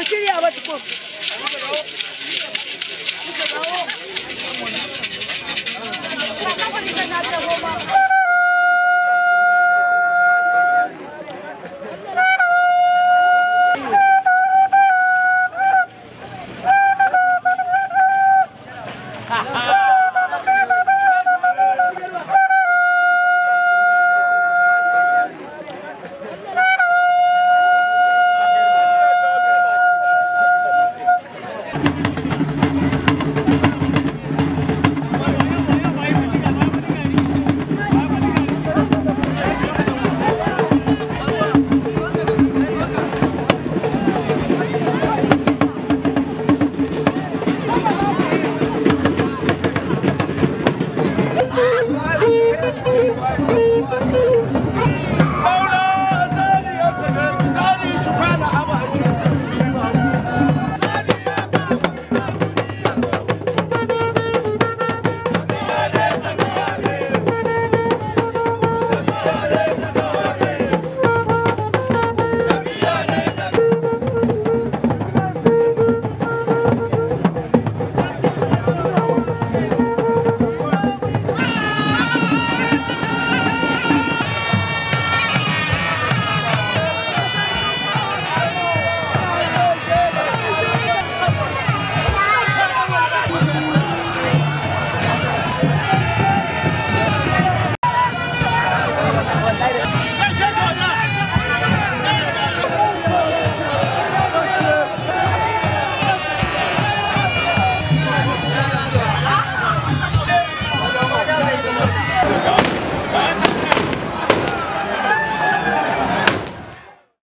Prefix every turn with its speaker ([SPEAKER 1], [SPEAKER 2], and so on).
[SPEAKER 1] материала такой.